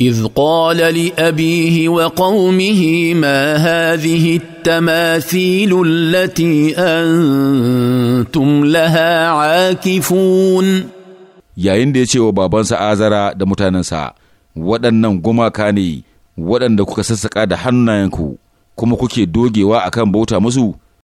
اذ قال لابيه وقومه ما هذه التماثيل التي انتم yayin da ya ce wa babansa azara da mutanensa waɗannan gumaka ne waɗanda kuka sassaƙa da hannayenku kuma kuke dogewa akan bauta musu